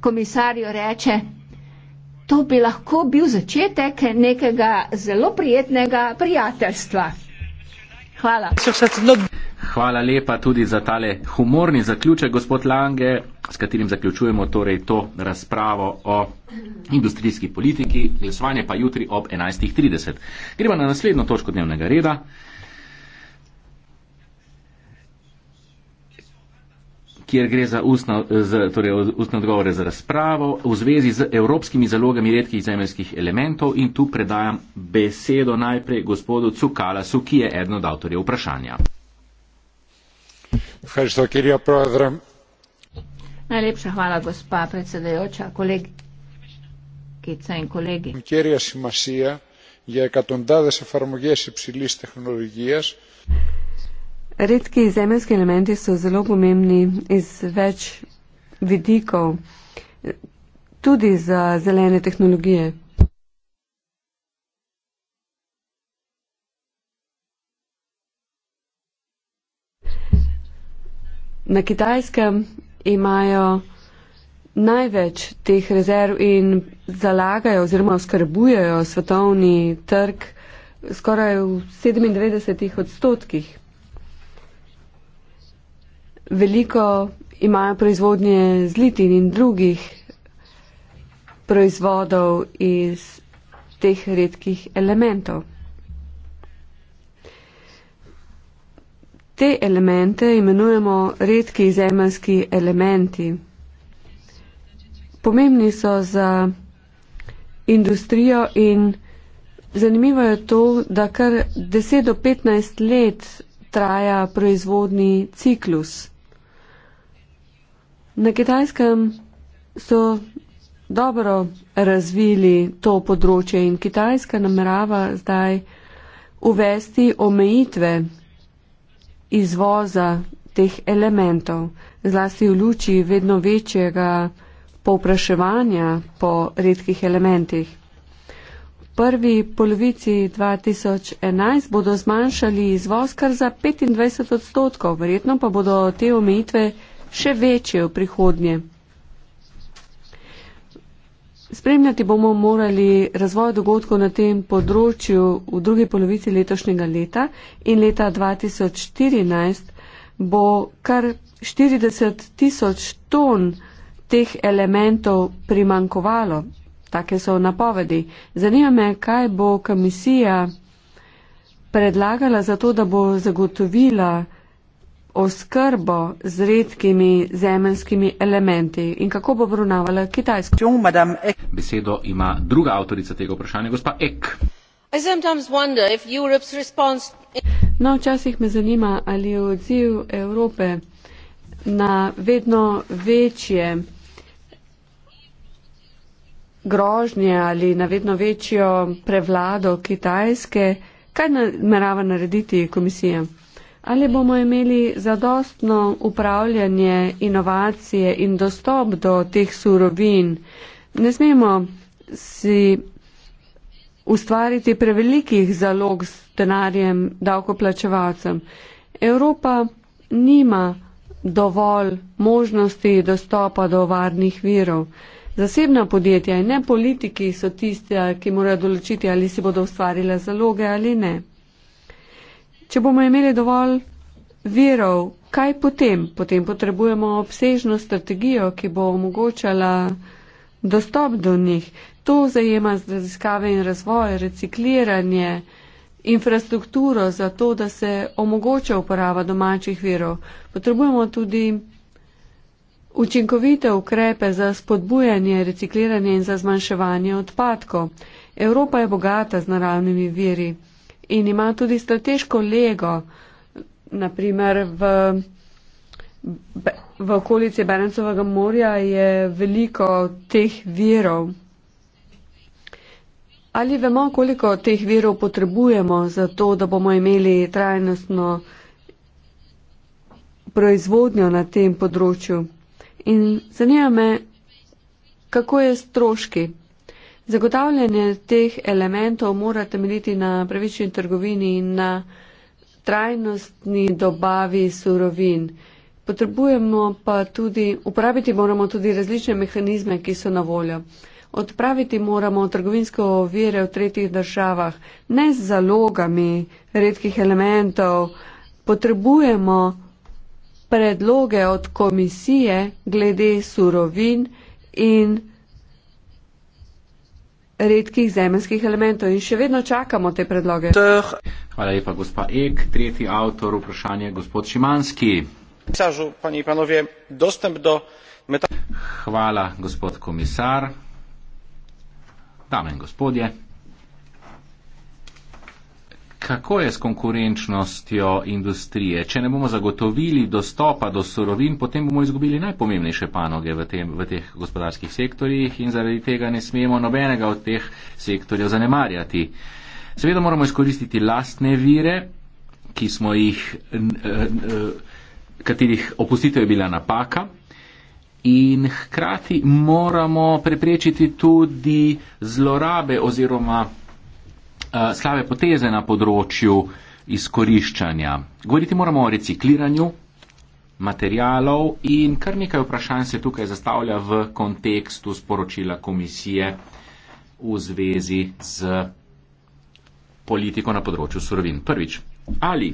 komisarju reče, to bi lahko bil začetek nekega zelo prijetnega prijateljstva. Hvala. Hvala lepa tudi za tale humorni zaključek, gospod Lange, s katerim zaključujemo torej to razpravo o industrijski politiki. Glasovanje pa jutri ob 11.30. Gremo na naslednjo točko dnevnega reda. kjer gre za ustne, z, torej ustne odgovore za razpravo v zvezi z evropskimi zalogami redkih zemeljskih elementov in tu predajam besedo najprej gospodu Cukalasu, ki je eden od avtorjev vprašanja. Najlepša hvala, gospa predsedajoča, kolegi, kica in kolegi. Simasija, je Redki zemeljski elementi so zelo pomembni iz več vidikov, tudi za zelene tehnologije. Na kitajskem imajo največ teh rezerv in zalagajo oziroma oskrbujejo svetovni trg skoraj v 97 odstotkih veliko imajo proizvodnje z litin in drugih proizvodov iz teh redkih elementov. Te elemente imenujemo redki zemljski elementi. Pomembni so za industrijo in zanimivo je to, da kar 10 do 15 let traja proizvodni ciklus. Na kitajskem so dobro razvili to področje in kitajska namerava zdaj uvesti omejitve izvoza teh elementov, zlasti v luči vedno večjega povpraševanja po redkih elementih. V prvi polovici 2011 bodo zmanjšali izvoz kar za 25 odstotkov, verjetno pa bodo te omejitve še večje v prihodnje. Spremljati bomo morali razvoj dogodkov na tem področju v drugi polovici letošnjega leta in leta 2014 bo kar 40 tisoč ton teh elementov primankovalo. Take so napovedi. Zanima me, kaj bo komisija predlagala za to, da bo zagotovila oskrbo z redkimi zemljskimi elementi in kako bo obravnavala Kitajsko. Besedo ima druga avtorica tega vprašanja, gospa Ek. No, včasih me zanima, ali je odziv Evrope na vedno večje grožnje ali na vedno večjo prevlado Kitajske, kaj namerava narediti komisija. Ali bomo imeli zadostno upravljanje inovacije in dostop do teh surovin? Ne smemo si ustvariti prevelikih zalog s denarjem davkoplačevalcem. Evropa nima dovolj možnosti dostopa do varnih virov. Zasebna podjetja in ne politiki so tiste, ki morajo določiti, ali si bodo ustvarile zaloge ali ne. Če bomo imeli dovolj virov, kaj potem? Potem potrebujemo obsežno strategijo, ki bo omogočala dostop do njih. To zajema raziskave in razvoj, recikliranje, infrastrukturo za to, da se omogoča uporaba domačih virov. Potrebujemo tudi učinkovite ukrepe za spodbujanje recikliranja in za zmanjševanje odpadkov. Evropa je bogata z naravnimi viri in ima tudi strateško lego, naprimer v, v okolici Berencovega morja je veliko teh virov. Ali vemo, koliko teh virov potrebujemo za to, da bomo imeli trajnostno proizvodnjo na tem področju? In zanima me, kako je stroški Zagotavljanje teh elementov mora temeljiti na pravični trgovini in na trajnostni dobavi surovin. Potrebujemo pa tudi, uporabiti moramo tudi različne mehanizme, ki so na voljo. Odpraviti moramo trgovinsko vire v tretjih državah, ne z zalogami redkih elementov. Potrebujemo predloge od komisije glede surovin in redkih zemljskih elementov in še vedno čakamo te predloge. Teh. Hvala lepa, gospa Ek. Tretji avtor vprašanja, gospod Šimanski. Pisažu, panovje, do Hvala, gospod komisar. Dame in gospodje kako je s konkurenčnostjo industrije. Če ne bomo zagotovili dostopa do surovin, potem bomo izgubili najpomembnejše panoge v, tem, v teh gospodarskih sektorjih in zaradi tega ne smemo nobenega od teh sektorjev zanemarjati. Seveda moramo izkoristiti lastne vire, ki smo jih, katerih opustitev je bila napaka. In hkrati moramo preprečiti tudi zlorabe oziroma uh, slabe poteze na področju izkoriščanja. Govoriti moramo o recikliranju materialov in kar nekaj vprašanj se tukaj zastavlja v kontekstu sporočila komisije v zvezi z politiko na področju surovin. Prvič, ali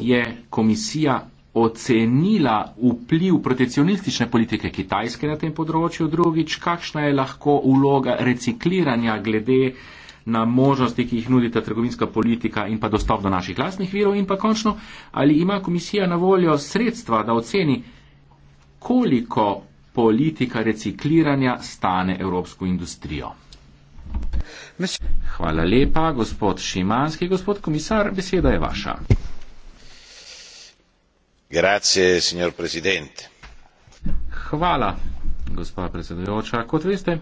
je komisija ocenila vpliv protekcionistične politike Kitajske na tem področju, drugič, kakšna je lahko uloga recikliranja glede uh, na možnosti, ki jih nudita trgovinska politika in pa dostop do naših lastnih virov in pa končno, ali ima komisija na voljo sredstva, da oceni, koliko politika recikliranja stane evropsko industrijo. Hvala lepa, gospod Šimanski. Gospod komisar, beseda je vaša. Grazie, signor presidente. Hvala, gospa predsedujoča. Kot veste,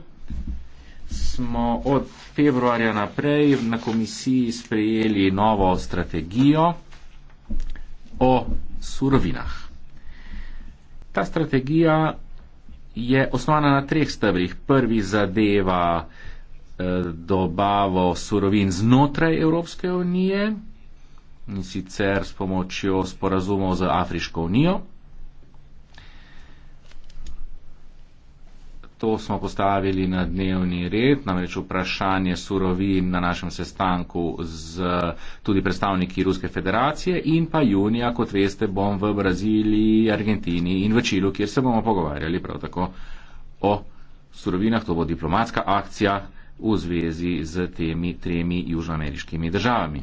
smo od februarja naprej na komisiji sprejeli novo strategijo o surovinah. Ta strategija je osnovana na treh stebrih. Prvi zadeva eh, dobavo surovin znotraj Evropske unije in sicer s pomočjo sporazumov z Afriško unijo. To smo postavili na dnevni red, namreč vprašanje surovin na našem sestanku z tudi predstavniki Ruske federacije in pa junija, kot veste, bom v Braziliji, Argentini in v Čilu, kjer se bomo pogovarjali prav tako o surovinah. To bo diplomatska akcija v zvezi z temi tremi južnoameriškimi državami.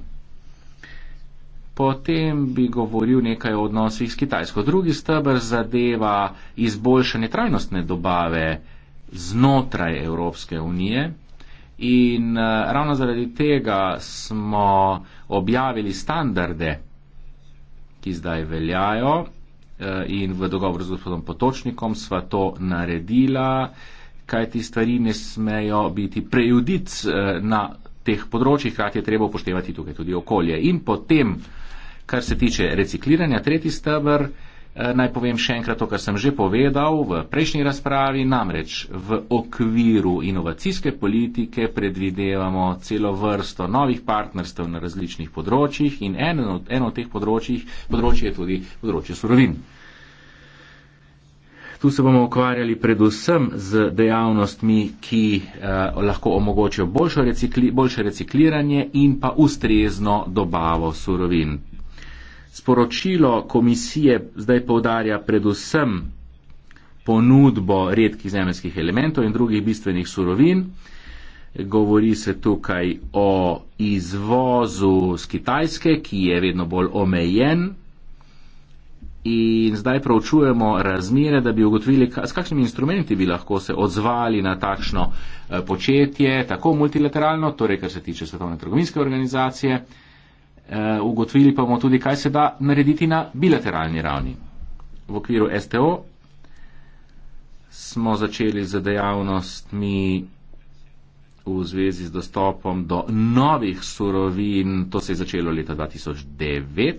Potem bi govoril nekaj o odnosih s Kitajsko. Drugi stebr zadeva izboljšanje trajnostne dobave znotraj Evropske unije. In eh, ravno zaradi tega smo objavili standarde, ki zdaj veljajo eh, in v dogovoru z gospodom Potočnikom sva to naredila, kaj ti stvari ne smejo biti prejudic eh, na teh področjih, krat je treba upoštevati tukaj tudi okolje. In potem, kar se tiče recikliranja, tretji stebr, Eh, naj povem še enkrat to, kar sem že povedal v prejšnji razpravi, namreč v okviru inovacijske politike predvidevamo celo vrsto novih partnerstv na različnih področjih in eno od, en od teh področjih področje je tudi področje surovin. Tu se bomo ukvarjali predvsem z dejavnostmi, ki eh, lahko omogočajo recikli, boljše recikliranje in pa ustrezno dobavo surovin sporočilo komisije zdaj povdarja predvsem ponudbo redkih zemljskih elementov in drugih bistvenih surovin. Govori se tukaj o izvozu z Kitajske, ki je vedno bolj omejen. In zdaj pravčujemo razmere, da bi ugotovili, s kakšnimi instrumenti bi lahko se odzvali na takšno eh, početje, tako multilateralno, torej kar se tiče Svetovne trgovinske organizacije, Eh, ugotovili pa bomo tudi, kaj se da narediti na bilateralni ravni. V okviru STO smo začeli z dejavnostmi v zvezi z dostopom do novih surovin. To se je začelo leta 2009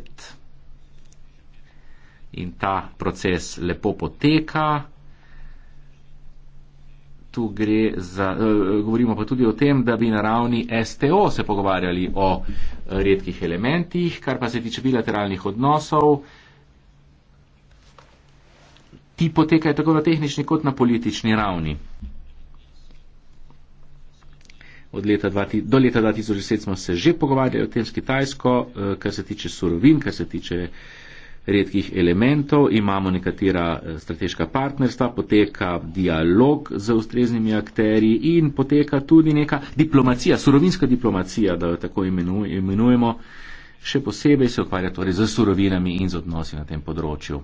in ta proces lepo poteka tu gre za, eh, govorimo pa tudi o tem, da bi na ravni STO se pogovarjali o eh, redkih elementih, kar pa se tiče bilateralnih odnosov, ti potekajo tako na tehnični kot na politični ravni. Od leta 20, do leta 2010 smo se že pogovarjali o tem s Kitajsko, eh, kar se tiče surovin, kar se tiče uh, redkih elementov, imamo nekatera eh, strateška partnerstva, poteka dialog z ustreznimi akteri in poteka tudi neka diplomacija, surovinska diplomacija, da jo tako imenujemo, še posebej se ukvarja torej z surovinami in z odnosi na tem področju.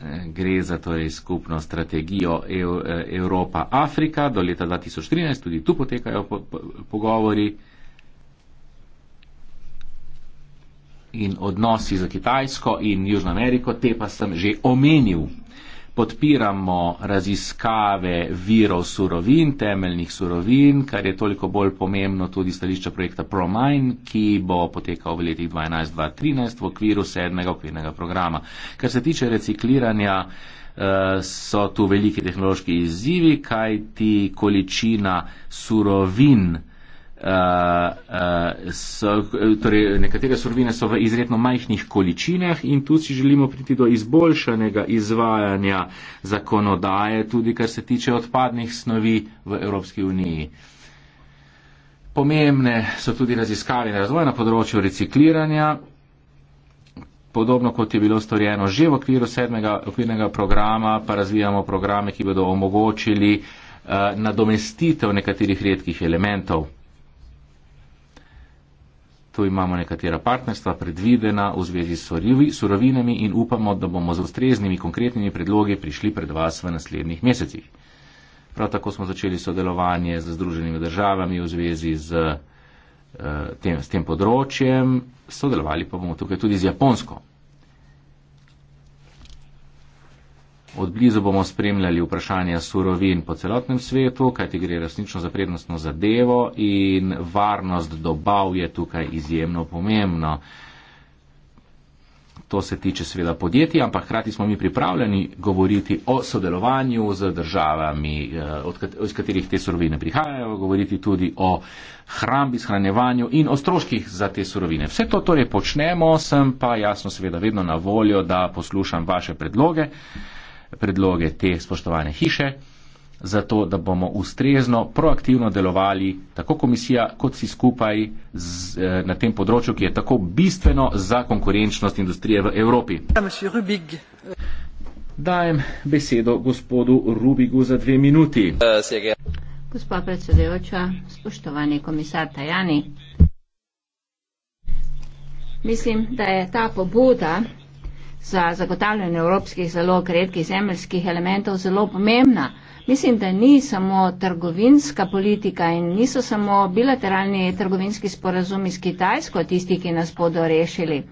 Eh, gre za torej skupno strategijo eh, Evropa-Afrika do leta 2013, tudi tu potekajo po, po, pogovori. in odnosi za Kitajsko in Južno Ameriko, te pa sem že omenil. Podpiramo raziskave virov surovin, temeljnih surovin, kar je toliko bolj pomembno tudi stališča projekta ProMine, ki bo potekal v letih 2012-2013 v okviru sedmega okvirnega programa. Kar se tiče recikliranja, eh, so tu veliki tehnološki izzivi, kaj ti količina surovin Eh, eh, so, torej nekatere sorovine so v izredno majhnih količinah in tu si želimo priti do izboljšanega izvajanja zakonodaje, tudi kar se tiče odpadnih snovi v Evropski uniji. Pomembne so tudi raziskave in razvoj na področju recikliranja, podobno kot je bilo storjeno že v okviru sedmega okvirnega programa, pa razvijamo programe, ki bodo omogočili uh, nadomestitev nekaterih redkih elementov tu imamo nekatera partnerstva predvidena v zvezi s surovinami in upamo, da bomo z ustreznimi konkretnimi predlogi prišli pred vas v naslednjih mesecih. Prav tako smo začeli sodelovanje z Združenimi državami v zvezi z, eh, tem, s tem področjem, sodelovali pa bomo tukaj tudi z Japonsko. Od blizu bomo spremljali vprašanje surovin po celotnem svetu, kajti gre resnično za prednostno zadevo in varnost dobav je tukaj izjemno pomembno. To se tiče seveda podjetij, ampak hkrati smo mi pripravljeni govoriti o sodelovanju z državami, eh, iz katerih te surovine prihajajo, govoriti tudi o hrambi, shranjevanju in o stroških za te surovine. Vse to torej počnemo, sem pa jasno seveda vedno na voljo, da poslušam vaše predloge predloge te spoštovane hiše, zato da bomo ustrezno, proaktivno delovali, tako komisija, kot si skupaj z, eh, na tem področju, ki je tako bistveno za konkurenčnost industrije v Evropi. Dajem besedo gospodu Rubigu za dve minuti. Gospa predsedujoča, spoštovani komisar Tajani. Mislim, da je ta pobuda za zagotavljanje evropskih zalog redkih zemljskih elementov zelo pomembna. Mislim, da ni samo trgovinska politika in niso samo bilateralni trgovinski sporazumi s Kitajsko tisti, ki nas bodo rešili.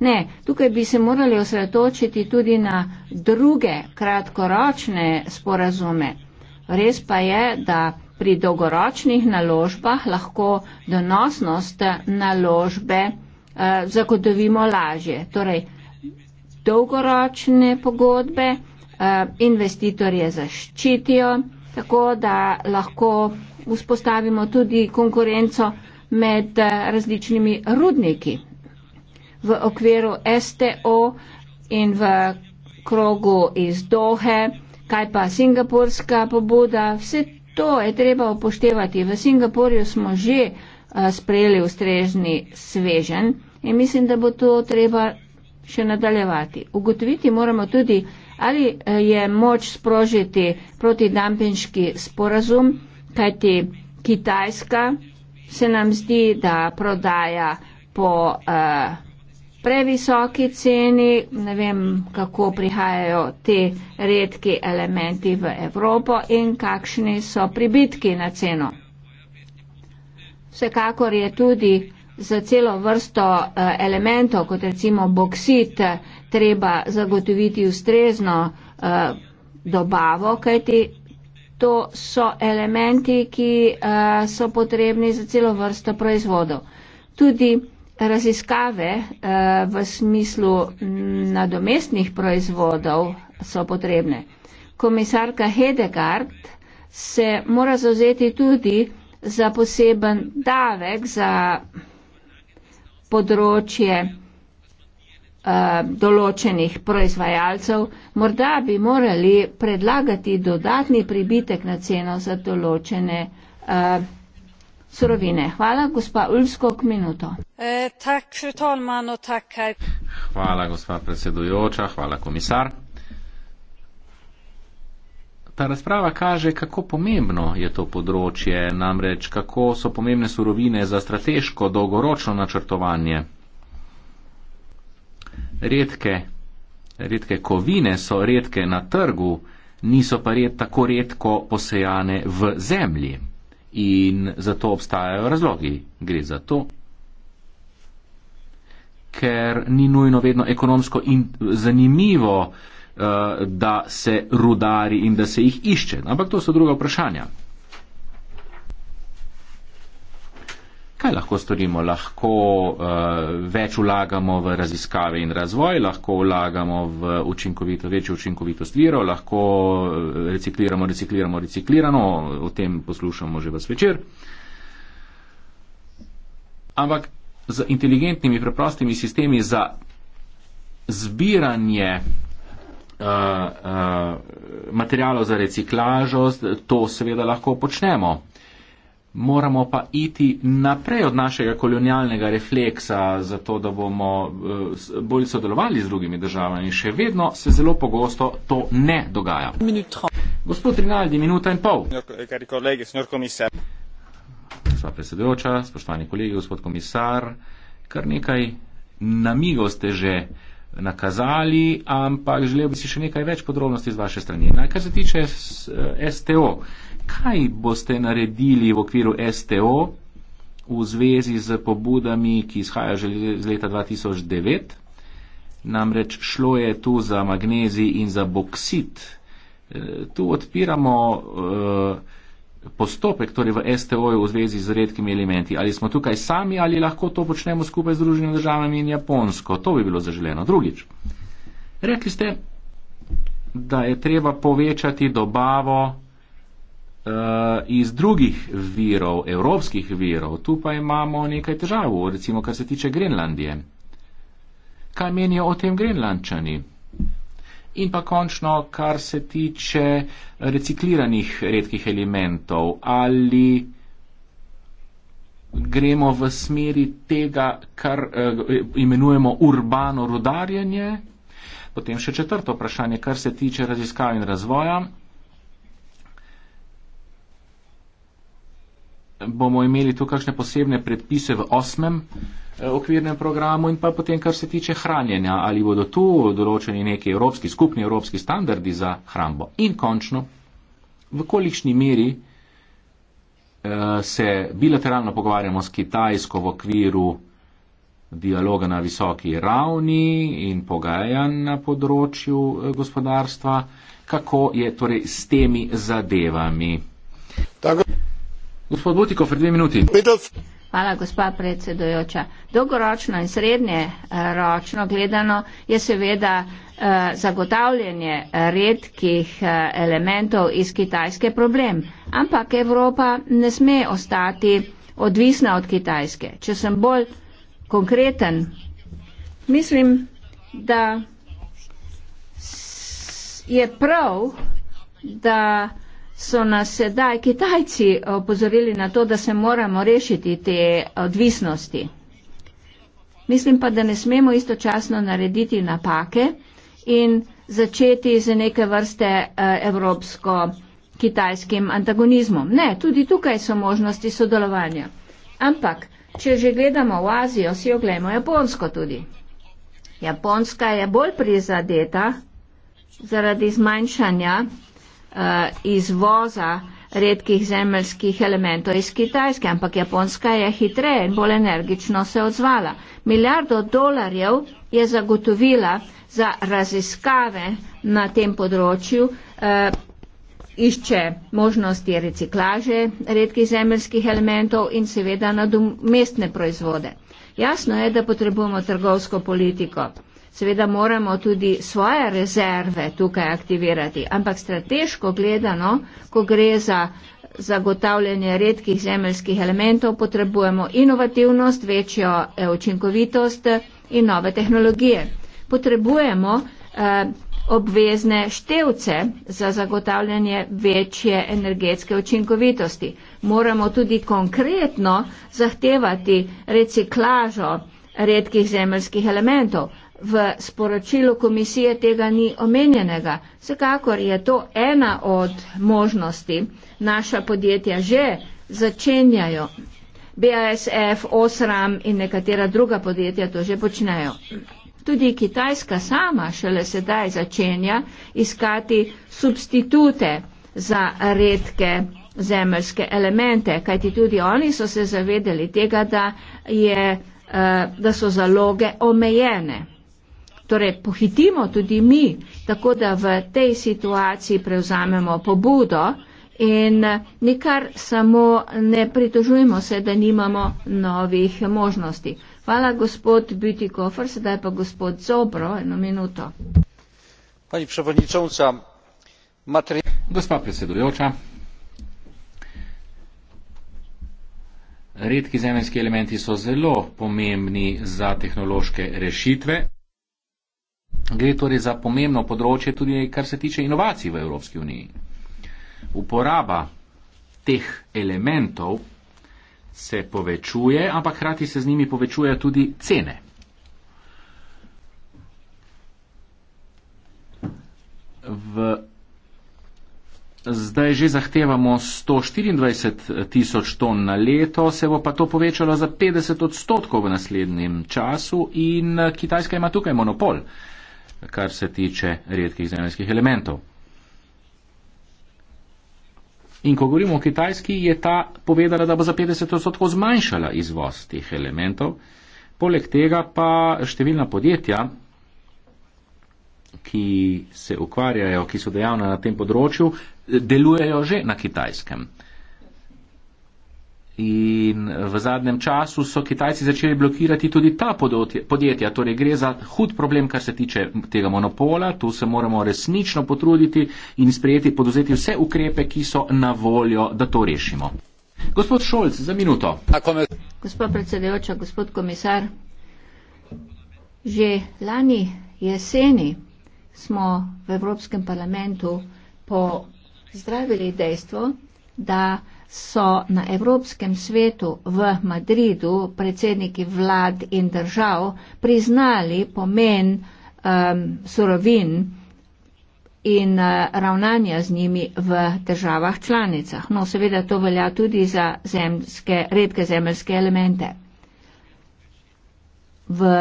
Ne, tukaj bi se morali osredotočiti tudi na druge kratkoročne sporazume. Res pa je, da pri dolgoročnih naložbah lahko donosnost naložbe eh, zagotovimo lažje. Torej, dolgoročne pogodbe, eh, investitorje zaščitijo, tako da lahko vzpostavimo tudi konkurenco med eh, različnimi rudniki. V okviru STO in v krogu iz Dohe, kaj pa singapurska pobuda, vse to je treba upoštevati. V Singapurju smo že eh, sprejeli ustrežni svežen in mislim, da bo to treba še nadaljevati. Ugotoviti moramo tudi, ali eh, je moč sprožiti protidampinški sporazum, kajti Kitajska se nam zdi, da prodaja po eh, previsoki ceni, ne vem, kako prihajajo te redki elementi v Evropo in kakšni so pribitki na ceno. Vsekakor je tudi za celo vrsto eh, elementov, kot recimo boksit, treba zagotoviti ustrezno eh, dobavo, kajti to so elementi, ki eh, so potrebni za celo vrsto proizvodov. Tudi raziskave v smislu mm, nadomestnih proizvodov so potrebne. Komisarka Hedegard se mora zauzeti tudi za poseben davek za področje eh, določenih proizvajalcev, morda bi morali predlagati dodatni pribitek na ceno za določene uh, surovine. Hvala, gospa Ulsko, k minuto. E, tak, talmano, tak, hvala, gospa predsedujoča, hvala, komisar ta razprava kaže, kako pomembno je to področje, namreč kako so pomembne surovine za strateško dolgoročno načrtovanje. Redke, redke kovine so redke na trgu, niso pa red tako redko posejane v zemlji. In zato obstajajo razlogi. Gre za to, ker ni nujno vedno ekonomsko in zanimivo, Eh, da se rudari in da se jih išče. Ampak to so druga vprašanja. Kaj lahko storimo? Lahko uh, več vlagamo v raziskave in razvoj, lahko vlagamo v učinkovito, večjo učinkovitost virov, lahko eh, recikliramo, recikliramo, recikliramo, o tem poslušamo že v svečer. Ampak z inteligentnimi, preprostimi sistemi za zbiranje uh, eh, uh, eh, materijalov za reciklažo, to seveda lahko počnemo. Moramo pa iti naprej od našega kolonialnega refleksa, zato da bomo eh, bolj sodelovali z drugimi državami. Še vedno se zelo pogosto to ne dogaja. Minuto. Gospod Rinaldi, minuta in pol. Gospa predsedujoča, spoštovani kolegi, gospod komisar, kar nekaj namigov ste že nakazali, ampak želel bi si še nekaj več podrobnosti z vaše strani. Kar se tiče eh, STO, kaj boste naredili v okviru STO v zvezi z pobudami, ki izhajajo že iz leta 2009? Namreč šlo je tu za magnezij in za boksit. Eh, tu odpiramo. Uh, postopek, torej v STO-ju v zvezi z redkimi elementi. Ali smo tukaj sami ali lahko to počnemo skupaj z Združenimi državami in Japonsko. To bi bilo zaželeno. Drugič, rekli ste, da je treba povečati dobavo uh, iz drugih virov, evropskih virov. Tu pa imamo nekaj težav, recimo kar se tiče Grenlandije. Kaj menijo o tem Grenlandčani? In pa končno, kar se tiče recikliranih redkih elementov, ali gremo v smeri tega, kar eh, imenujemo urbano rodarjenje. Potem še četrto vprašanje, kar se tiče raziskav in razvoja. bomo imeli tu kakšne posebne predpise v osmem eh, okvirnem programu in pa potem, kar se tiče hranjenja, ali bodo tu določeni neki evropski, skupni evropski standardi za hrambo. In končno, v kolikšni meri eh, se bilateralno pogovarjamo s Kitajsko v okviru dialoga na visoki ravni in pogajanj na področju eh, gospodarstva, kako je torej s temi zadevami. Tako. Gospod Butikov, dve minuti. Hvala, gospa predsedojoča. Dolgoročno in srednje eh, ročno gledano je seveda eh, zagotavljanje redkih eh, elementov iz Kitajske problem. Ampak Evropa ne sme ostati odvisna od Kitajske. Če sem bolj konkreten, mislim, da je prav, da so nas sedaj Kitajci opozorili na to, da se moramo rešiti te odvisnosti. Mislim pa, da ne smemo istočasno narediti napake in začeti z neke vrste eh, evropsko-kitajskim antagonizmom. Ne, tudi tukaj so možnosti sodelovanja. Ampak, če že gledamo v Azijo, si oglejmo Japonsko tudi. Japonska je bolj prizadeta zaradi zmanjšanja Eh, izvoza redkih zemeljskih elementov iz Kitajske, ampak Japonska je hitreje in bolj energično se odzvala. Milijardo dolarjev je zagotovila za raziskave na tem področju, uh, išče možnosti reciklaže redkih zemeljskih elementov in seveda nadomestne proizvode. Jasno je, da potrebujemo trgovsko politiko seveda moramo tudi svoje rezerve tukaj aktivirati, ampak strateško gledano, ko gre za zagotavljanje redkih zemeljskih elementov, potrebujemo inovativnost, večjo eh, učinkovitost in nove tehnologije. Potrebujemo eh, obvezne števce za zagotavljanje večje energetske učinkovitosti. Moramo tudi konkretno zahtevati reciklažo redkih zemeljskih elementov, v sporočilu komisije tega ni omenjenega. Vsekakor je to ena od možnosti. Naša podjetja že začenjajo. BASF, Osram in nekatera druga podjetja to že počnejo. Tudi Kitajska sama šele sedaj začenja iskati substitute za redke zemljske elemente, kajti tudi oni so se zavedeli tega, da, je, eh, da so zaloge omejene. Torej, pohitimo tudi mi, tako da v tej situaciji prevzamemo pobudo in nikar samo ne pritožujemo se, da nimamo novih možnosti. Hvala, gospod Bütikofer, sedaj pa gospod Zobro, eno minuto. Pani predsednica, materi... gospa predsedujoča. Redki zemljski elementi so zelo pomembni za tehnološke rešitve. Gre torej za pomembno področje tudi, kar se tiče inovacij v Evropski uniji. Uporaba teh elementov se povečuje, ampak hrati se z njimi povečuje tudi cene. V Zdaj že zahtevamo 124 tisoč ton na leto, se bo pa to povečalo za 50 odstotkov v naslednjem času in Kitajska ima tukaj monopol. Uh, kar se tiče redkih zemljskih elementov. In ko govorimo o Kitajski, je ta povedala, da bo za 50 odstotkov zmanjšala izvoz teh elementov. Poleg tega pa številna podjetja, ki se ukvarjajo, ki so dejavna na tem področju, delujejo že na Kitajskem. In v zadnjem času so Kitajci začeli blokirati tudi ta podjetja. Torej gre za hud problem, kar se tiče tega monopola. Tu se moramo resnično potruditi in sprejeti, podozeti vse ukrepe, ki so na voljo, da to rešimo. Gospod Šolc, za minuto. Gospod predsedujoča, gospod komisar, že lani jeseni smo v Evropskem parlamentu pozdravili dejstvo, da so na Evropskem svetu v Madridu predsedniki vlad in držav priznali pomen um, surovin in uh, ravnanja z njimi v državah članicah. No, seveda to velja tudi za zemske, redke zemljske elemente. V,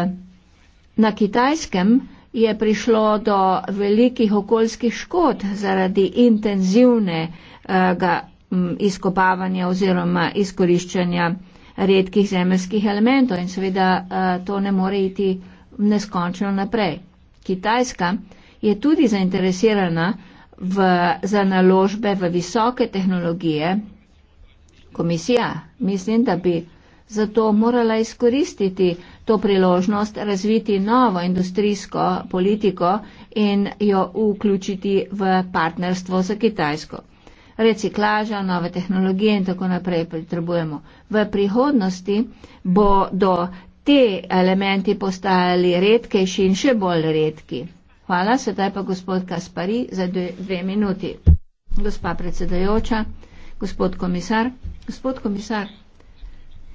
na kitajskem je prišlo do velikih okoljskih škod zaradi intenzivnega izkopavanja oziroma izkoriščanja redkih zemeljskih elementov in seveda eh, to ne more iti neskončno naprej. Kitajska je tudi zainteresirana v, za naložbe v visoke tehnologije. Komisija mislim, da bi zato morala izkoristiti to priložnost, razviti novo industrijsko politiko in jo vključiti v partnerstvo za Kitajsko reciklaža, nove tehnologije in tako naprej potrebujemo. V prihodnosti bodo te elementi postajali redkejši in še bolj redki. Hvala, sedaj pa gospod Kaspari za dve, dve minuti. Gospa predsedajoča, gospod komisar, gospod komisar,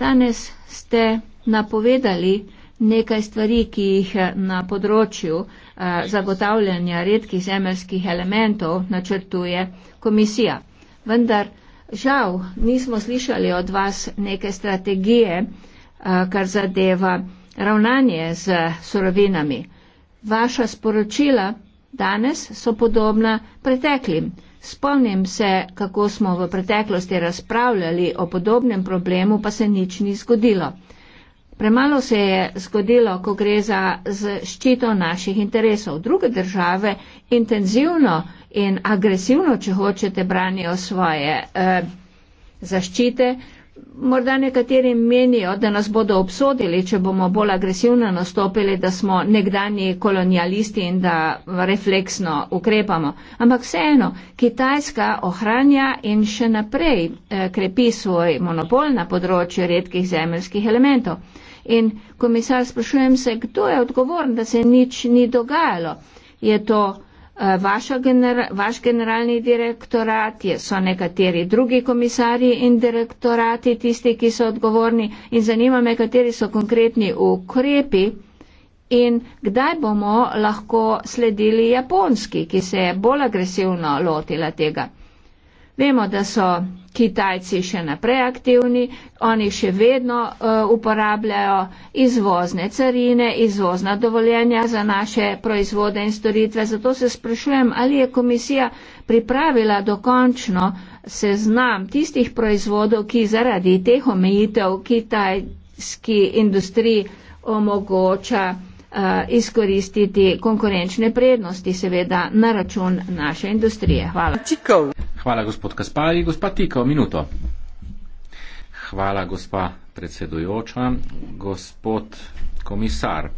danes ste napovedali nekaj stvari, ki jih na področju eh, Eh, zagotavljanja redkih zemeljskih elementov načrtuje komisija. Vendar žal nismo slišali od vas neke strategije, eh, kar zadeva ravnanje z sorovinami. Vaša sporočila danes so podobna preteklim. Spomnim se, kako smo v preteklosti razpravljali o podobnem problemu, pa se nič ni zgodilo. Premalo se je zgodilo, ko gre za ščito naših interesov. Druge države intenzivno in agresivno, če hočete, branijo svoje eh, zaščite. Morda nekateri menijo, da nas bodo obsodili, če bomo bolj agresivno nastopili, da smo nekdani kolonialisti in da refleksno ukrepamo. Ampak vseeno, Kitajska ohranja in še naprej eh, krepi svoj monopol na področju redkih zemljskih elementov. In komisar, sprašujem se, kdo je odgovoren, da se nič ni dogajalo. Je to uh, genera vaš generalni direktorat, je, so nekateri drugi komisarji in direktorati tisti, ki so odgovorni in zanima me, kateri so konkretni ukrepi. In kdaj bomo lahko sledili Japonski, ki se je bolj agresivno lotila tega? Vemo, da so Kitajci še naprej aktivni, oni še vedno uh, uporabljajo izvozne carine, izvozna dovoljenja za naše proizvode in storitve. Zato se sprašujem, ali je komisija pripravila dokončno seznam tistih proizvodov, ki zaradi teh omejitev kitajski industriji omogoča uh, izkoristiti konkurenčne prednosti, seveda na račun naše industrije. Hvala. Hvala, gospod Kaspari. Gospa Tika, o minuto. Hvala, gospa predsedujoča. Gospod komisar.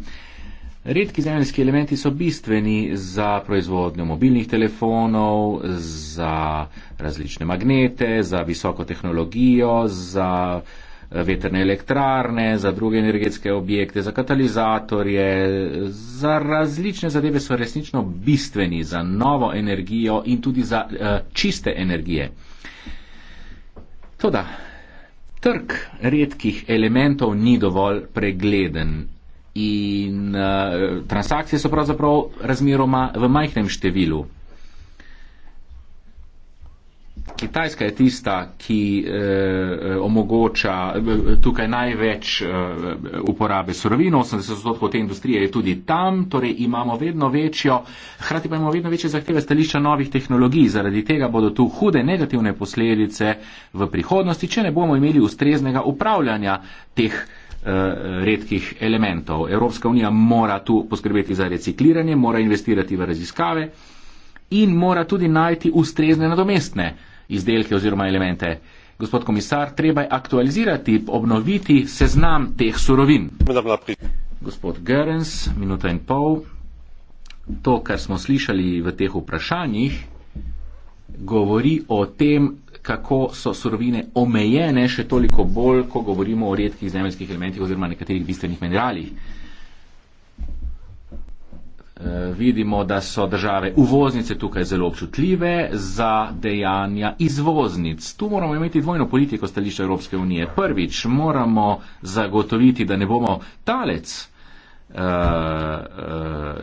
Redki zemljski elementi so bistveni za proizvodnjo mobilnih telefonov, za različne magnete, za visoko tehnologijo, za uh, vetrne elektrarne, za druge energetske objekte, za katalizatorje, za različne zadeve so resnično bistveni za novo energijo in tudi za uh, čiste energije. Toda, trg redkih elementov ni dovolj pregleden. In uh, transakcije so pravzaprav razmeroma v majhnem številu. Kitajska je tista, ki eh, eh omogoča eh, tukaj največ eh, uporabe surovin, 80 odstotkov te industrije je tudi tam, torej imamo vedno večjo, hkrati pa imamo vedno večje zahteve stališča novih tehnologij, zaradi tega bodo tu hude negativne posledice v prihodnosti, če ne bomo imeli ustreznega upravljanja teh eh, redkih elementov. Evropska unija mora tu poskrbeti za recikliranje, mora investirati v raziskave in mora tudi najti ustrezne nadomestne uh, izdelke oziroma elemente. Gospod komisar, treba je aktualizirati, obnoviti seznam teh surovin. Gospod Gerens, minuta in pol. To, kar smo slišali v teh vprašanjih, govori o tem, kako so surovine omejene še toliko bolj, ko govorimo o redkih zemeljskih elementih oziroma nekaterih bistvenih mineralih. Eh, vidimo, da so države uvoznice tukaj zelo občutljive za dejanja izvoznic. Tu moramo imeti dvojno politiko stališča Evropske unije. Prvič, moramo zagotoviti, da ne bomo talec. Uh, uh,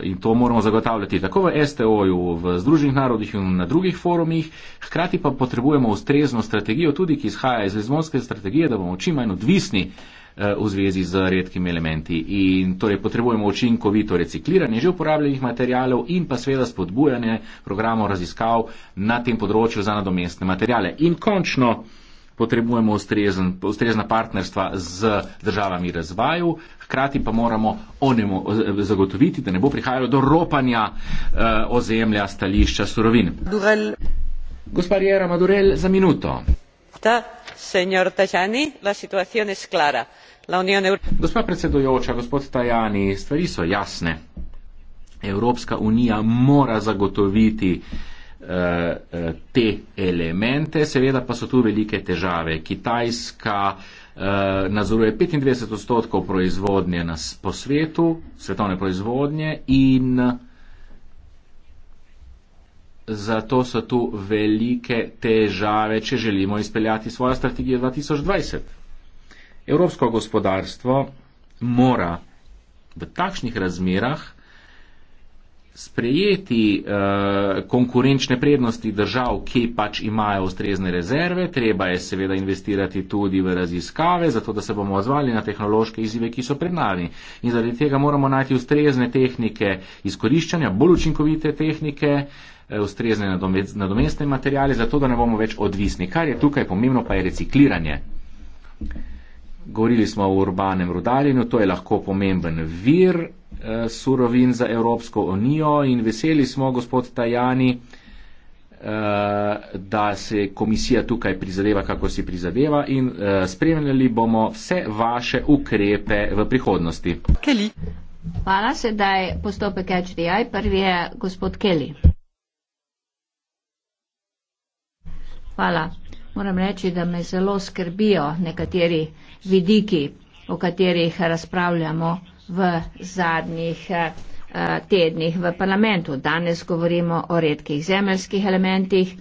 in to moramo zagotavljati tako v STO-ju, v Združenih narodih in na drugih forumih. Hkrati pa potrebujemo ustrezno strategijo, tudi ki izhaja iz Lizbonske strategije, da bomo čim manj odvisni uh, v zvezi z redkimi elementi. In torej potrebujemo učinkovito recikliranje že uporabljenih materijalov in pa seveda spodbujanje programov raziskav na tem področju za nadomestne materijale. In končno potrebujemo ustrezen, ustrezna partnerstva z državami razvaju, hkrati pa moramo onemo zagotoviti, da ne bo prihajalo do ropanja eh, ozemlja, stališča, surovin. Durel. Gospodjera Madurel, za minuto. Ta, señor Tajani, la situación es clara. Gospa predsedujoča, gospod Tajani, stvari so jasne. Evropska unija mora zagotoviti eh, eh, te elemente, seveda pa so tu velike težave. Kitajska eh, nadzoruje 25 odstotkov proizvodnje na, po svetu, svetovne proizvodnje in zato so tu velike težave, če želimo izpeljati svojo strategijo 2020. Evropsko gospodarstvo mora v takšnih razmerah sprejeti eh, konkurenčne prednosti držav, ki pač imajo ustrezne rezerve. Treba je seveda investirati tudi v raziskave, zato da se bomo odzvali na tehnološke izzive, ki so pred nami. In zaradi tega moramo najti ustrezne tehnike izkoriščanja, bolj učinkovite tehnike, eh, ustrezne nadomestne materijale, zato da ne bomo več odvisni. Kar je tukaj pomembno, pa je recikliranje. Govorili smo o urbanem rudarjenju, to je lahko pomemben vir eh, surovin za Evropsko unijo in veseli smo, gospod Tajani, eh, da se komisija tukaj prizadeva, kako si prizadeva in eh, spremljali bomo vse vaše ukrepe v prihodnosti. Kelly. Hvala, sedaj postopek HDI. Prvi je gospod Kelly. Hvala. Moram reči, da me zelo skrbijo nekateri vidiki, o katerih razpravljamo v zadnjih eh, eh, tednih v parlamentu. Danes govorimo o redkih zemeljskih elementih.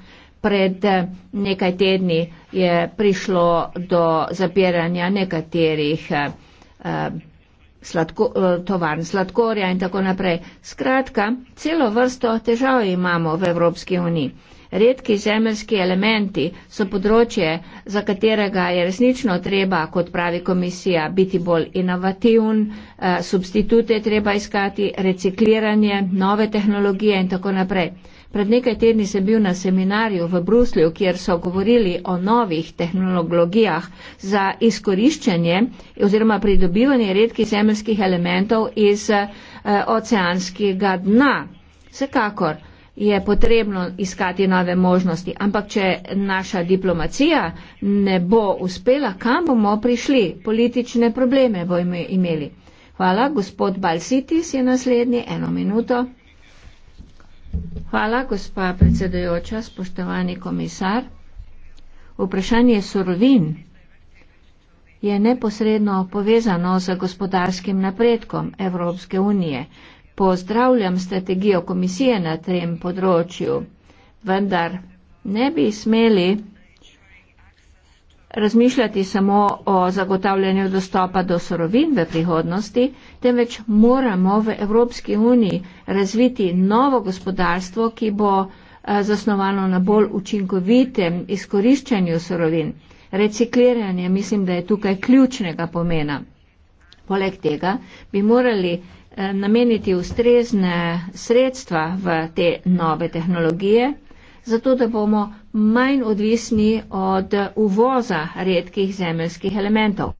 Pred eh, nekaj tedni je prišlo do zapiranja nekaterih sladko, tovarn sladkorja in tako naprej. Skratka, celo vrsto težav imamo v Evropski uniji. Redki zemljski elementi so področje, za katerega je resnično treba, kot pravi komisija, biti bolj inovativen, eh, substitute treba iskati, recikliranje, nove tehnologije in tako naprej. Pred nekaj tedni sem bil na seminarju v Bruslju, kjer so govorili o novih tehnologijah za izkoriščanje oziroma pridobivanje redkih zemljskih elementov iz eh, oceanskega dna. Vsekakor, je potrebno iskati nove možnosti. Ampak, če naša diplomacija ne bo uspela, kam bomo prišli? Politične probleme bomo imeli. Hvala. Gospod Balsitis je naslednji. Eno minuto. Hvala, gospa predsedojoča, spoštovani komisar. Vprašanje surovin je neposredno povezano z gospodarskim napredkom Evropske unije pozdravljam strategijo komisije na tem področju, vendar ne bi smeli razmišljati samo o zagotavljanju dostopa do sorovin v prihodnosti, temveč moramo v Evropski uniji razviti novo gospodarstvo, ki bo eh, zasnovano na bolj učinkovitem izkoriščanju sorovin. Recikliranje mislim, da je tukaj ključnega pomena. Poleg tega bi morali Eh, nameniti ustrezne sredstva v te nove tehnologije, zato da bomo manj odvisni od uvoza redkih zemeljskih elementov.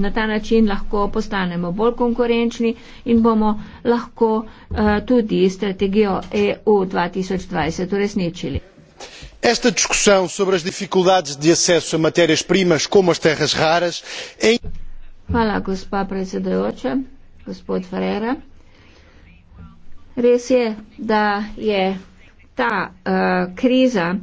Na ta način lahko postanemo bolj konkurenčni in bomo lahko eh, tudi strategijo EU 2020 uresničili. Esta discussão sobre as dificuldades de acesso a matérias-primas como as terras raras é... Hvala, gospa predsedujoča gospod Ferrera. Res je, da je ta uh, kriza,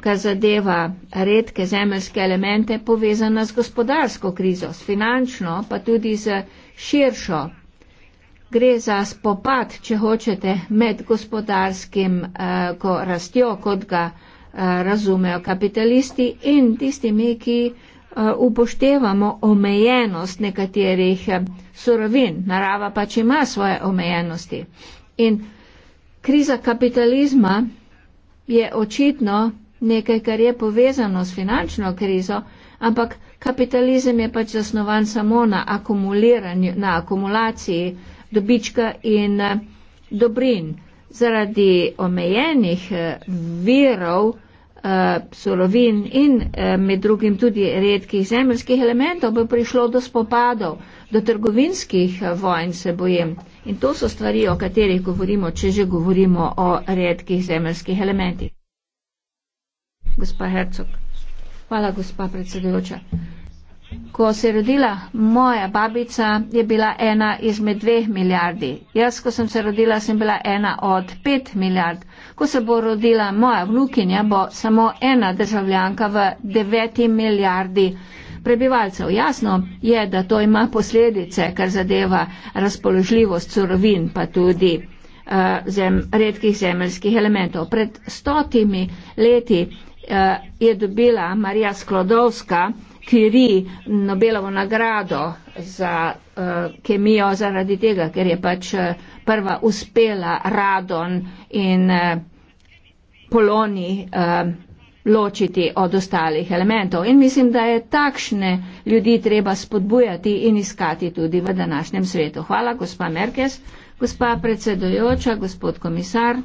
kar zadeva redke zemeljske elemente, povezana z gospodarsko krizo, s finančno, pa tudi z širšo. Gre za spopad, če hočete, med gospodarskim uh, ko rastjo, kot ga uh, razumejo kapitalisti in tistimi, ki uh, Eh, upoštevamo omejenost nekaterih eh, surovin. Narava pač ima svoje omejenosti. In kriza kapitalizma je očitno nekaj, kar je povezano s finančno krizo, ampak kapitalizem je pač zasnovan samo na akumuliranju, na akumulaciji dobička in eh, dobrin. Zaradi omejenih virov, uh, surovin in uh, med drugim tudi redkih zemljskih elementov bo prišlo do spopadov, do trgovinskih eh, vojn se bojim. In to so stvari, o katerih govorimo, če že govorimo o redkih zemljskih elementih. Gospa Hercog. Hvala, gospa predsedujoča. Ko se je rodila moja babica, je bila ena izmed dveh milijardi. Jaz, ko sem se rodila, sem bila ena od pet milijard. Ko se bo rodila moja vnukinja, bo samo ena državljanka v deveti milijardi prebivalcev. Jasno je, da to ima posledice, kar zadeva razpoložljivost surovin, pa tudi uh, zem, redkih zemeljskih elementov. Pred stotimi leti uh, je dobila Marija Sklodovska, kiri Nobelovo nagrado za uh, kemijo zaradi tega, ker je pač eh, prva uspela radon in uh, poloni uh, ločiti od ostalih elementov. In mislim, da je takšne ljudi treba spodbujati in iskati tudi v današnjem svetu. Hvala, gospa Merkes, gospa predsedojoča, gospod komisar,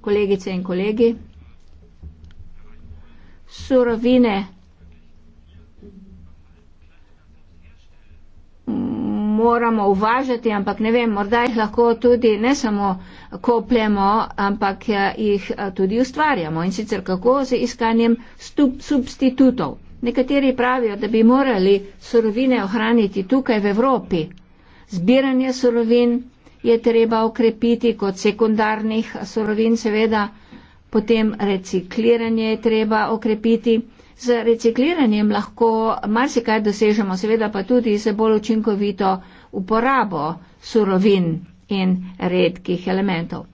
kolegice in kolegi. Surovine. moramo uvažati, ampak ne vem, morda jih lahko tudi ne samo kopljemo, ampak eh, jih eh, tudi ustvarjamo. In sicer kako z iskanjem stup, substitutov. Nekateri pravijo, da bi morali surovine ohraniti tukaj v Evropi. Zbiranje surovin je treba okrepiti kot sekundarnih surovin, seveda, potem recikliranje je treba okrepiti. Z recikliranjem lahko marsikaj dosežemo, seveda pa tudi z bolj učinkovito uporabo surovin in redkih elementov.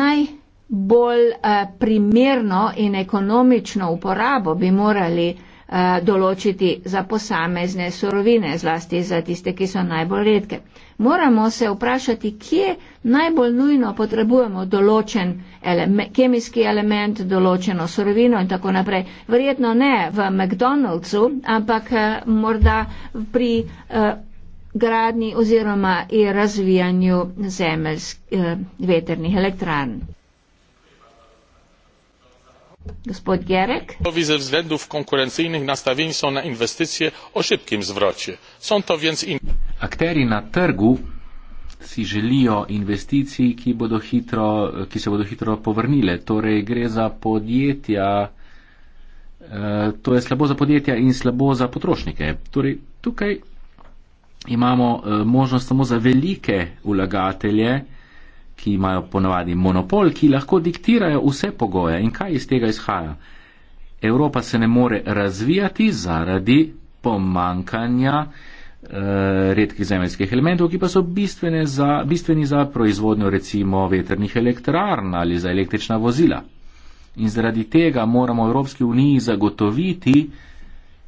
Najbolj eh, primerno in ekonomično uporabo bi morali Eh, določiti za posamezne sorovine, zlasti za tiste, ki so najbolj redke. Moramo se vprašati, kje najbolj nujno potrebujemo določen element, kemijski element, določeno sorovino in tako naprej. Verjetno ne v McDonald'su, ampak eh, morda pri eh, gradni oziroma razvijanju zemeljskih vetrnih elektrarn. Gospod Gierek. Rządowi ze względów konkurencyjnych nastawieni są na inwestycje o szybkim zwrocie. Są to więc in... Akteri na trgu si želijo investicij, ki, bodo hitro, ki se bodo hitro povrnile. Torej gre za podjetja, eh, to je slabo za podjetja in slabo za potrošnike. Torej tukaj imamo eh, možnost samo za velike vlagatelje, ki imajo ponavadi monopol, ki lahko diktirajo vse pogoje in kaj iz tega izhaja. Evropa se ne more razvijati zaradi pomankanja eh, redkih zemeljskih elementov, ki pa so za, bistveni za proizvodnjo recimo veternih elektrarn ali za električna vozila. In zaradi tega moramo Evropski uniji zagotoviti,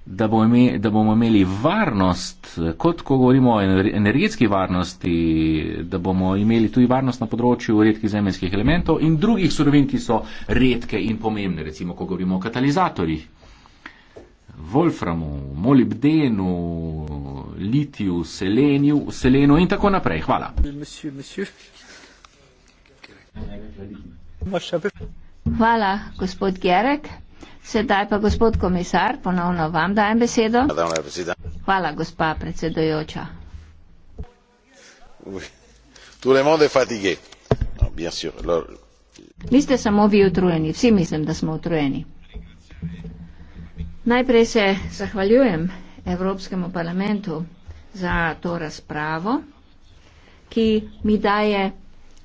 da, bo imeli, da bomo imeli varnost, kot ko govorimo o energetski varnosti, da bomo imeli tudi varnost na področju redkih zemeljskih elementov in drugih surovin, ki so redke in pomembne, recimo, ko govorimo o katalizatorjih. Wolframu, molibdenu, litiju, seleniju, selenu in tako naprej. Hvala. Hvala, gospod Gerek. Sedaj pa gospod komisar, ponovno vam dajem besedo. Hvala, gospa predsedojoča. Vi ste samo vi utrujeni, vsi mislim, da smo utrujeni. Najprej se zahvaljujem Evropskemu parlamentu za to razpravo, ki mi daje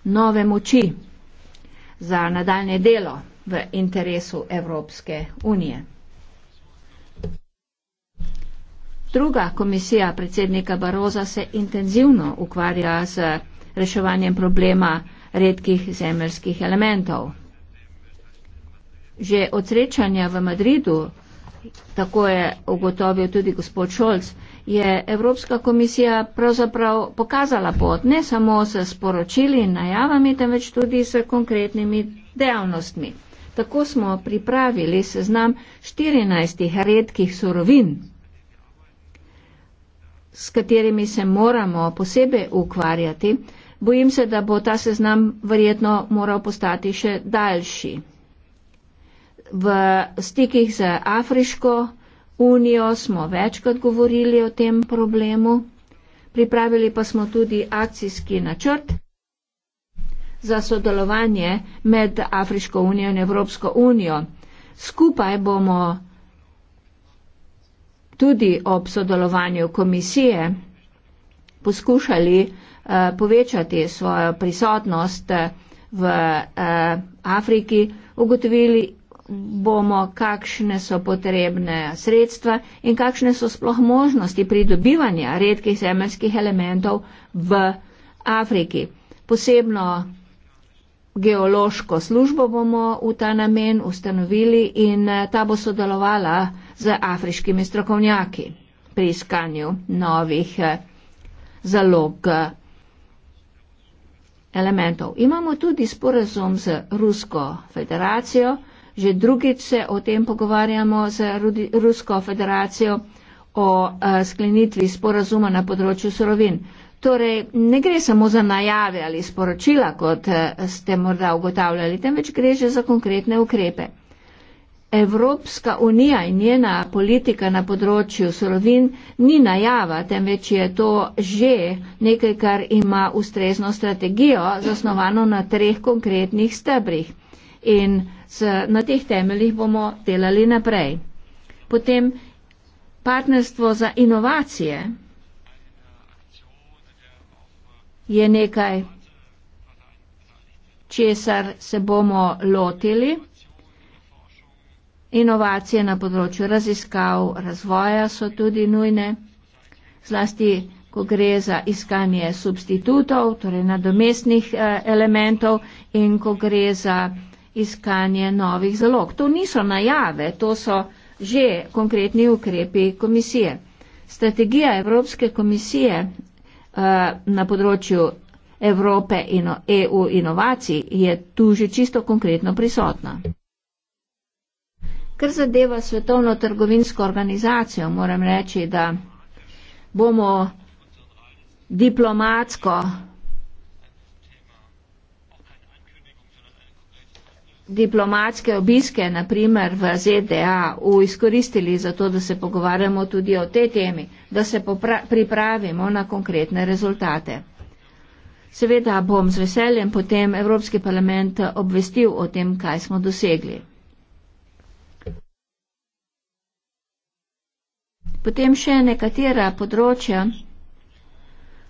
nove moči za nadaljne delo v interesu Evropske unije. Druga komisija predsednika Baroza se intenzivno ukvarja z reševanjem problema redkih zemeljskih elementov. Že od srečanja v Madridu, tako je ugotovil tudi gospod Šolc, je Evropska komisija pravzaprav pokazala pot ne samo s sporočili in najavami, temveč tudi s konkretnimi dejavnostmi. Tako smo pripravili seznam 14 redkih sorovin, s katerimi se moramo posebej ukvarjati. Bojim se, da bo ta seznam verjetno moral postati še daljši. V stikih z Afriško unijo smo večkrat govorili o tem problemu, pripravili pa smo tudi akcijski načrt za sodelovanje med Afriško unijo in Evropsko unijo. Skupaj bomo tudi ob sodelovanju komisije poskušali eh, povečati svojo prisotnost eh, v eh, Afriki, ugotovili bomo, kakšne so potrebne sredstva in kakšne so sploh možnosti pridobivanja redkih zemeljskih elementov v Afriki. Posebno geološko službo bomo v ta namen ustanovili in eh, ta bo sodelovala z afriškimi strokovnjaki pri iskanju novih eh, zalog eh, elementov. Imamo tudi sporazum z Rusko federacijo, že drugič se o tem pogovarjamo z Rusko federacijo o sklenitvi sporazuma na področju surovin. Torej, ne gre samo za najave ali sporočila, kot eh, ste morda ugotavljali, temveč gre že za konkretne ukrepe. Evropska unija in njena politika na področju surovin ni najava, temveč je to že nekaj, kar ima ustrezno strategijo, zasnovano na treh konkretnih stebrih. In na teh temeljih bomo delali naprej. Potem partnerstvo za inovacije, je nekaj, česar se bomo lotili. Inovacije na področju raziskav, razvoja so tudi nujne, zlasti ko gre za iskanje substitutov, torej nadomestnih eh, elementov in ko gre za iskanje novih zalog. To niso najave, to so že konkretni ukrepi komisije. Strategija Evropske komisije Eh, na področju Evrope in EU inovacij je tu že čisto konkretno prisotna. Kar zadeva svetovno trgovinsko organizacijo, moram reči, da bomo diplomatsko diplomatske obiske, naprimer v ZDA, izkoristili za to, da se pogovarjamo tudi o tej temi, da se pripravimo na konkretne rezultate. Seveda bom z veseljem potem Evropski parlament obvestil o tem, kaj smo dosegli. Potem še nekatera področja,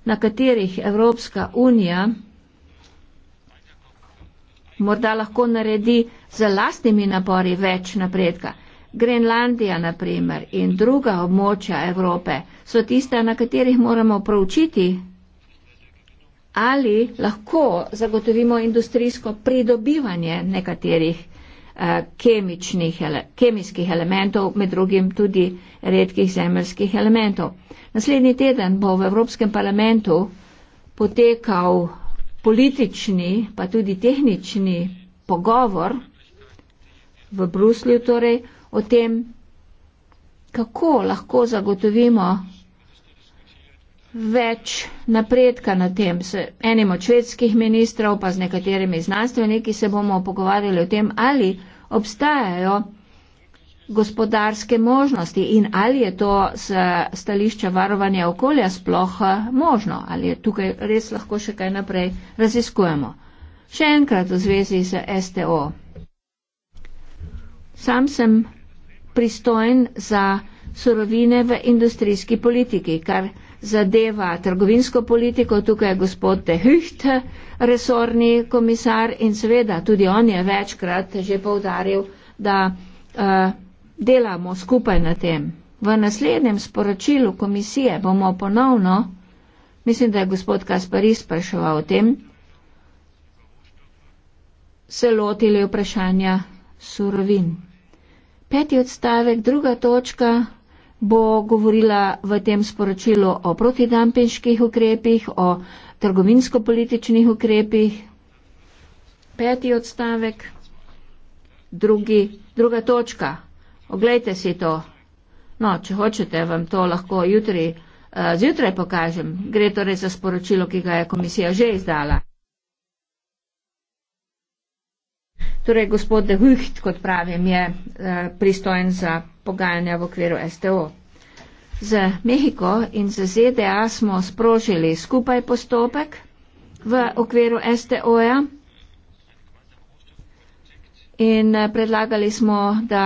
na katerih Evropska unija morda lahko naredi z lastnimi napori več napredka. Grenlandija, na primer, in druga območja Evrope so tiste, na katerih moramo proučiti, ali lahko zagotovimo industrijsko pridobivanje nekaterih eh, ele kemijskih elementov, med drugim tudi redkih zemljskih elementov. Naslednji teden bo v Evropskem parlamentu potekal politični, pa tudi tehnični pogovor v Bruslju, torej o tem, kako lahko zagotovimo več napredka na tem. S enim od švedskih ministrov, pa z nekaterimi znanstveniki se bomo pogovarjali o tem, ali obstajajo gospodarske možnosti in ali je to z stališča varovanja okolja sploh eh, možno, ali je tukaj res lahko še kaj naprej raziskujemo. Še enkrat v zvezi z STO. Sam sem pristojen za surovine v industrijski politiki, kar zadeva trgovinsko politiko, tukaj je gospod De Hücht, resorni komisar in seveda tudi on je večkrat že povdaril, da uh, delamo skupaj na tem. V naslednjem sporočilu komisije bomo ponovno, mislim, da je gospod Kaspari spraševal o tem, se lotili vprašanja surovin. Peti odstavek, druga točka bo govorila v tem sporočilu o protidampinških ukrepih, o trgovinsko-političnih ukrepih. Peti odstavek, drugi, druga točka, Oglejte si to. No, če hočete, vam to lahko jutri, uh, zjutraj pokažem. Gre torej za sporočilo, ki ga je komisija že izdala. Torej, gospod De Hucht, kot pravim, je uh, pristojen za pogajanja v okviru STO. Z Mehiko in z ZDA smo sprožili skupaj postopek v okviru STO-ja in eh, predlagali smo, da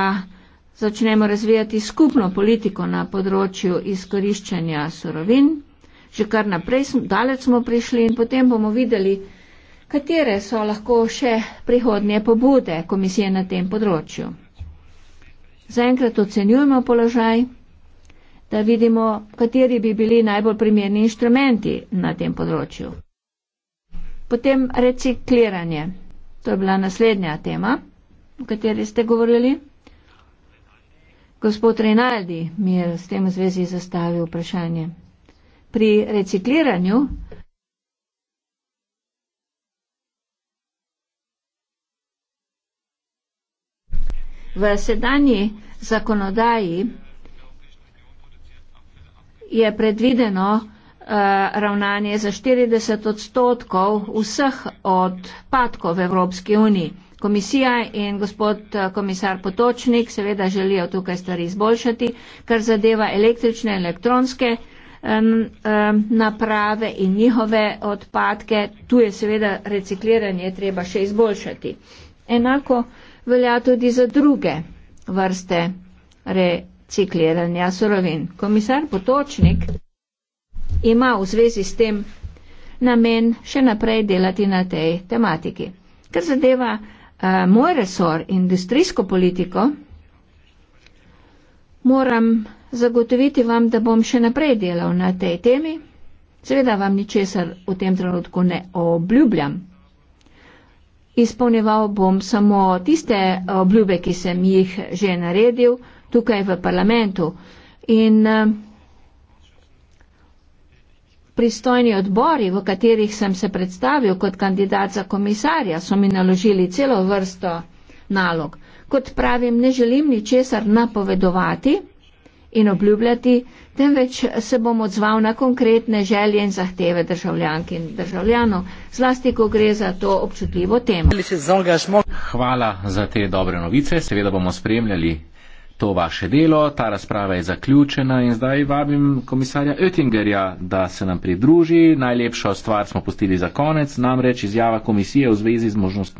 začnemo razvijati skupno politiko na področju izkoriščanja surovin. Že kar naprej smo, daleč smo prišli in potem bomo videli, katere so lahko še prihodnje pobude komisije na tem področju. Zaenkrat ocenjujemo položaj, da vidimo, kateri bi bili najbolj primerni inštrumenti na tem področju. Potem recikliranje. To je bila naslednja tema, o kateri ste govorili. Gospod Reinaldi mi je s tem v zvezi zastavil vprašanje. Pri recikliranju v sedanji zakonodaji je predvideno uh, ravnanje za 40 odstotkov vseh odpadkov v Evropski uniji komisija in gospod eh, komisar Potočnik seveda želijo tukaj stvari izboljšati, kar zadeva električne, elektronske naprave in njihove odpadke. Tu je seveda recikliranje treba še izboljšati. Enako velja tudi za druge vrste recikliranja surovin. Komisar Potočnik ima v zvezi s tem namen še naprej delati na tej tematiki. Kar zadeva Eh, moj resor, industrijsko politiko, moram zagotoviti vam, da bom še naprej delal na tej temi. Seveda vam ničesar v tem trenutku ne obljubljam. Izpolneval bom samo tiste obljube, ki sem jih že naredil tukaj v parlamentu. In, uh, pristojni odbori, v katerih sem se predstavil kot kandidat za komisarja, so mi naložili celo vrsto nalog. Kot pravim, ne želim ničesar napovedovati in obljubljati, temveč se bom odzval na konkretne želje in zahteve državljank in državljanov, zlasti, ko gre za to občutljivo temo. Hvala za te dobre novice, seveda bomo spremljali to vaše delo. Ta razprava je zaključena in zdaj vabim komisarja Oettingerja, da se nam pridruži. Najlepšo stvar smo pustili za konec, namreč izjava komisije v zvezi z možnostmi.